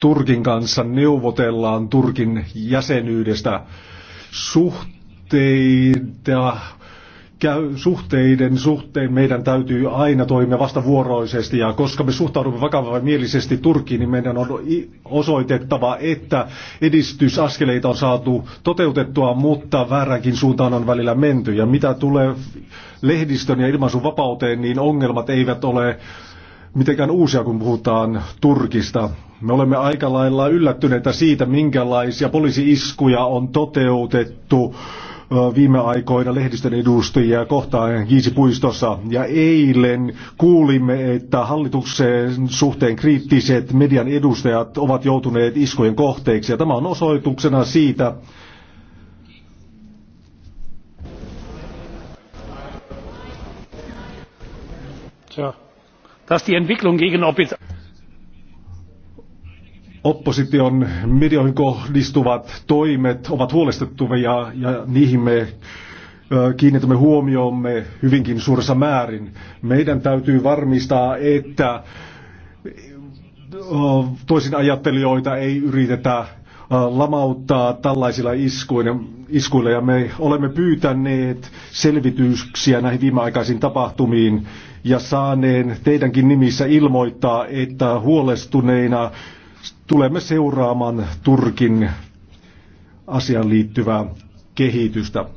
Turkin kanssa neuvotellaan Turkin jäsenyydestä suhteita suhteiden suhteen meidän täytyy aina toimia vastavuoroisesti ja koska me suhtaudumme vakavamielisesti Turkiin, niin meidän on osoitettava, että edistysaskeleita on saatu toteutettua, mutta vääränkin suuntaan on välillä menty. Ja mitä tulee lehdistön ja ilmaisun vapauteen, niin ongelmat eivät ole mitenkään uusia, kun puhutaan Turkista. Me olemme aika lailla yllättyneitä siitä, minkälaisia poliisiiskuja on toteutettu viime aikoina lehdistön edustajia kohtaan Giisipuistossa. Ja eilen kuulimme, että hallituksen suhteen kriittiset median edustajat ovat joutuneet iskujen kohteiksi. Ja tämä on osoituksena siitä, Joo dass die Entwicklung gegen Opposition medioihin kohdistuvat toimet ovat huolestuttavia ja niihin me kiinnitämme huomiomme hyvinkin suuressa määrin. Meidän täytyy varmistaa, että toisin ajattelijoita ei yritetä Äh, lamauttaa tällaisilla iskuilla, iskuilla ja me olemme pyytäneet selvityksiä näihin viimeaikaisiin tapahtumiin ja saaneen teidänkin nimissä ilmoittaa, että huolestuneina tulemme seuraamaan Turkin asiaan liittyvää kehitystä.